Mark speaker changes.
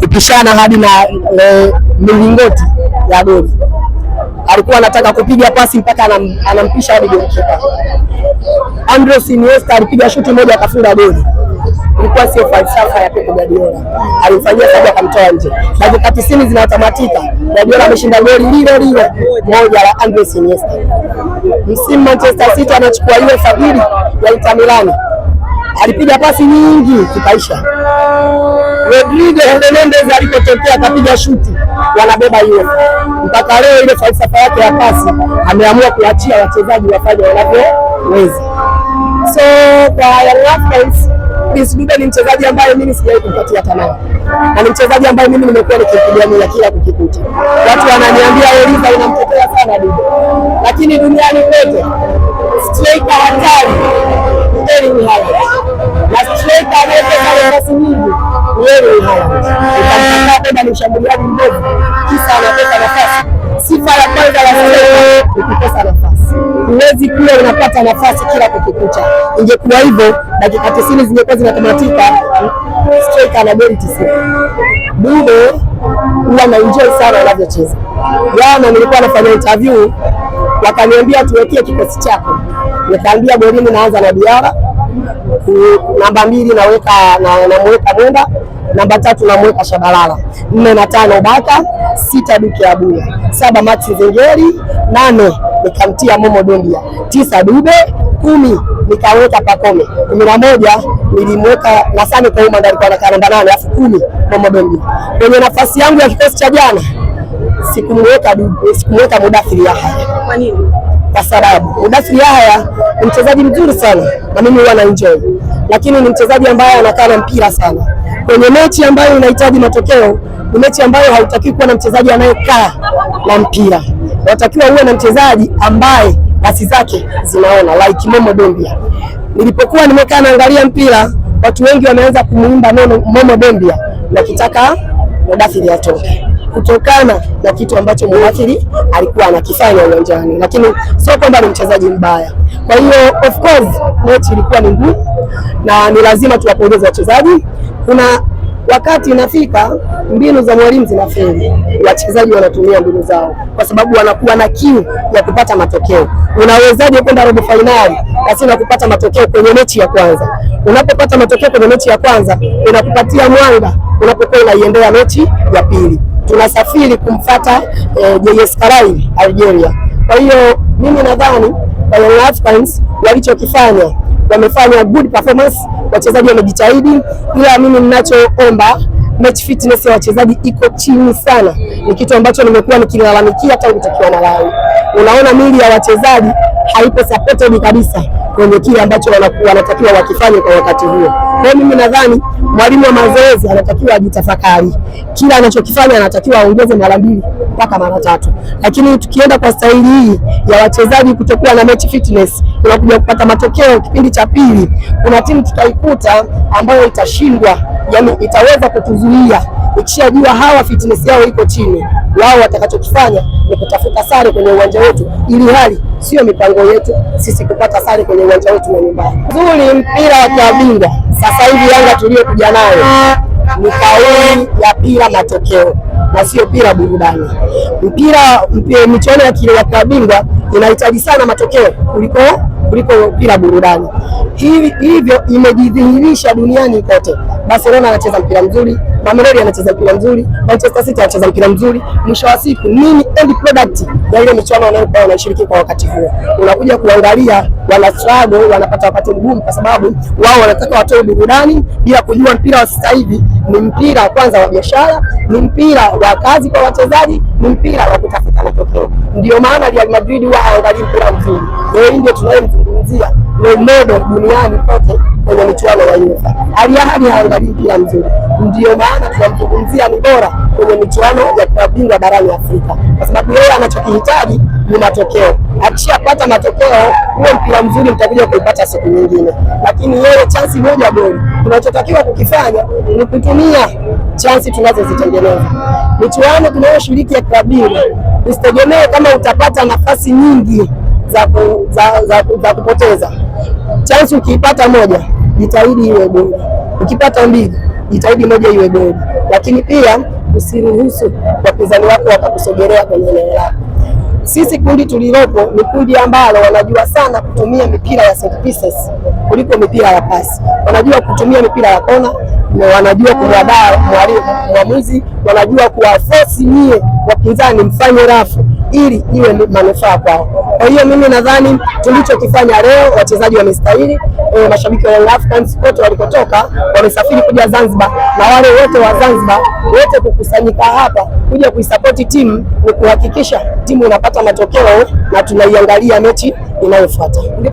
Speaker 1: kupishana hadi na milingoti ya goli. Alikuwa anataka kupiga pasi mpaka anam, anampisha hadi golikipa. Andres Iniesta alipiga shuti moja akafunga goli. Ilikuwa sio falsafa ya Pep Guardiola. Alimfanyia sababu akamtoa nje. Dakika 90 zinatamatika. Guardiola ameshinda goli lile lile moja la Andres Iniesta. Msimu Manchester City anachukua ile sabini ya Inter Milan. Alipiga pasi nyingi kipaisha Rodrigo Hernandez alipotokea akapiga shuti, wanabeba hiyo mpaka leo. Ile falsafa yake ya pasi ameamua kuachia wachezaji wafanye wanavyoweza. So kwa Young Africans, Prince Dube ni mchezaji ambaye mimi sijawahi kumpatia tamaa, na ni mchezaji ambaye mimi nimekuwa nikipigania kila kukikuta. Watu wananiambia Oliva inampotea sana Dube, lakini duniani kote striker hatari kweli ni hawa na striker anayepata nafasi nyingi wewe unaona mshambuliaji mbovu, kisa anakosa nafasi. Sifa ya kwanza ya ukikosa nafasi huwezi kuwa unapata nafasi kila kukicha. Ingekuwa hivyo dakika tisini zingekuwa zinatamatika striker na goli tisini. Dube huwa na enjoy sana anavyocheza. Jana nilikuwa nafanya interview, wakaniambia tuwekee kikosi chako, nikaambia golini naanza na Diara namba mbili naweka na namweka Mwenda namba tatu namweka Shabalala, nne na tano Baka, sita Duke Abuya, saba Maxi Zengeri, nane nikamtia Momo Dondia, tisa Dube, kumi nikaweka Pakome, kumi na moja nilimweka Nasani Kauma ndiye alikuwa anakaa namba nane, afu kumi Momo Dondia. Kwenye nafasi yangu ya kikosi cha jana sikumweka sikumweka Mudathiri Yahya. Kwa nini? Kwa sababu Mudathiri Yahya ni mchezaji mzuri sana na mimi huwa na enjoy, lakini ni mchezaji ambaye anakaa na mpira sana kwenye mechi ambayo inahitaji matokeo, ni mechi ambayo hautaki kuwa na mchezaji anayekaa na mpira, unatakiwa uwe na mchezaji ambaye pasi zake zinaona, like Momo Dembia. Nilipokuwa nimekaa naangalia mpira, watu wengi wameanza kumuimba Momo Dembia, nakitaka Modafi atoke kutokana na kitu ambacho mwathiri alikuwa anakifanya uwanjani, lakini sio kwamba ni mchezaji mbaya. Kwa hiyo of course mechi ilikuwa ni ngumu na ni lazima tuwapongeze wachezaji. Kuna wakati inafika mbinu za mwalimu zinafeli, wachezaji wanatumia mbinu zao kwa sababu wanakuwa na kiu ya kupata matokeo. Unawezaje kwenda robo fainali na kupata matokeo kwenye mechi ya kwanza? Unapopata matokeo kwenye mechi ya kwanza inakupatia mwanga unapokuwa unaiendea mechi ya pili tunasafiri kumfuata e, eh, JS Karai Algeria. Kwa hiyo mimi nadhani kwa Young Africans walichokifanya, wamefanya good performance, wachezaji wamejitahidi, ila mimi ninachoomba match fitness ya wachezaji iko chini sana. Ni kitu ambacho nimekuwa nikilalamikia tangu tukiwa na Lawi. Unaona, mili ya wachezaji haipo supported kabisa kwenye kile ambacho wanakuwa wanatakiwa wakifanye kwa wakati huo. Kwa hiyo mimi nadhani mwalimu wa mazoezi anatakiwa ajitafakari, kila anachokifanya anatakiwa aongeze mara mbili mpaka mara tatu. Lakini tukienda kwa staili hii ya wachezaji kutokuwa na match fitness, tunakuja kupata matokeo kipindi cha pili, kuna timu tutaikuta ambayo itashindwa, yani itaweza kutuzuia ikishajua hawa fitness yao iko chini, wao watakachokifanya ni kutafuta sare kwenye uwanja wetu, ili hali sio mipango yetu sisi kupata sare kwenye uwanja wetu wa nyumbani. Nzuri mpira wa klabu bingwa sasa hivi Yanga tuliyokuja nayo ni kauli ya bila matokeo na sio pira burudani. Mpira michuano ya klabu bingwa inahitaji sana matokeo kuliko kuliko mpira burudani. Hivi hivyo imejidhihirisha duniani kote. Barcelona anacheza mpira mzuri Mamelodi anacheza mpira mzuri, Manchester City anacheza mpira mzuri. Mwisho wa siku nini end product ya ile michuano wanayokuwa wanashiriki kwa wakati huo? Unakuja kuangalia wana struggle, wanapata wakati mgumu, kwa sababu wao wanataka watoe burudani bila kujua mpira wa sasa hivi ni mpira kwanza wa biashara, ni mpira wa kazi kwa wachezaji, ni mpira wa kutafuta matokeo. Ndio maana Real Madrid wao haangalii mpira mzuri. Ndio ndio tunayemzungumzia role model duniani kote kwenye michuano ya UEFA. Hali ya hali haangalii mpira mzuri, ndio maana tunamzungumzia ni bora kwenye michuano ya klabu bingwa barani Afrika, kwa sababu yeye anachokihitaji ni matokeo. Akishapata matokeo, huo mpira mzuri mtakuja kuipata siku nyingine, lakini yeye chansi moja goli. Tunachotakiwa kukifanya ni kutumia chansi tunazozitengeneza. Michuano tunayoshiriki ya klabu bingwa usitegemee kama utapata nafasi nyingi za, ku, za, za, za kupoteza. Chansi ukiipata moja jitahidi iwe goli. Ukipata mbili, jitahidi moja iwe goli, lakini pia usiruhusu wapinzani wako wakakusogelea kwenye eneo lako. Sisi kundi tulilopo ni kundi ambalo wanajua sana kutumia mipira ya set pieces kuliko mipira ya pasi. Wanajua kutumia mipira ya kona, na wanajua kumwadaa mwamuzi, wanajua kuwafosi nyie wapinzani mfanye rafu ili iwe manufaa kwao. Kwa hiyo mimi nadhani tulichokifanya leo, wachezaji wamestahili. E, mashabiki wa Young Africans kote walikotoka wamesafiri kuja Zanzibar, na wale wote wa Zanzibar wote kukusanyika hapa kuja kuisapoti timu ni kuhakikisha timu inapata matokeo na tunaiangalia mechi inayofuata.